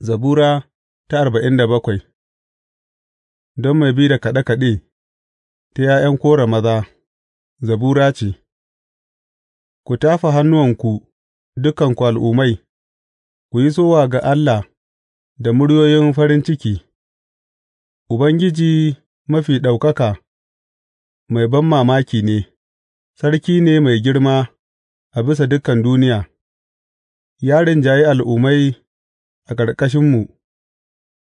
Zabura ta arba'in da bakwai Don mai bi da kaɗe-kaɗe ta ’ya'yan Kora maza, zabura ce, Ku tafa hannuwanku, dukanku al'umai, ku yi sowa ga Allah da muryoyin farin ciki, Ubangiji Mafi Ɗaukaka mai ban mamaki ne, sarki ne mai girma a bisa dukan duniya, ya rinjayi al'ummai. a ƙarƙashinmu,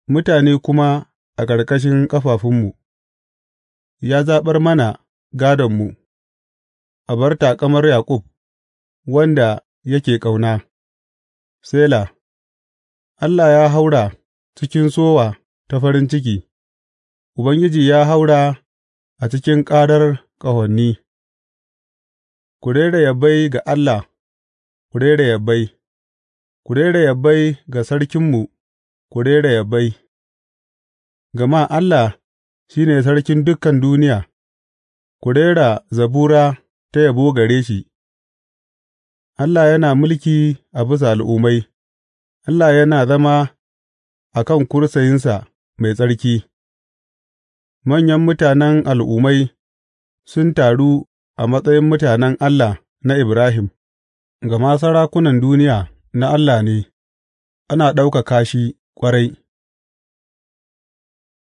mutane kuma a ƙarƙashin ƙafafunmu, ya zaɓar mana gādonmu, a bar taƙamar Yaƙub, wanda yake ƙauna, Sela Allah ya haura cikin sowa ta farin ciki, Ubangiji ya haura a cikin ƙarar ƙahoni. Ku rera yabai ga Allah, ku rera yabai. Ku rera yabai ga Sarkinmu, ku rera yabai, gama Allah shi ne Sarkin dukan duniya; ku rera zabura ta yabo gare shi, Allah yana mulki a bisa al'ummai, Allah yana zama a kan kursayinsa mai tsarki; manyan mutanen al'ummai sun taru a matsayin mutanen Allah na Ibrahim, gama sarakunan duniya. na Allah ne, ana ɗaukaka shi ƙwarai.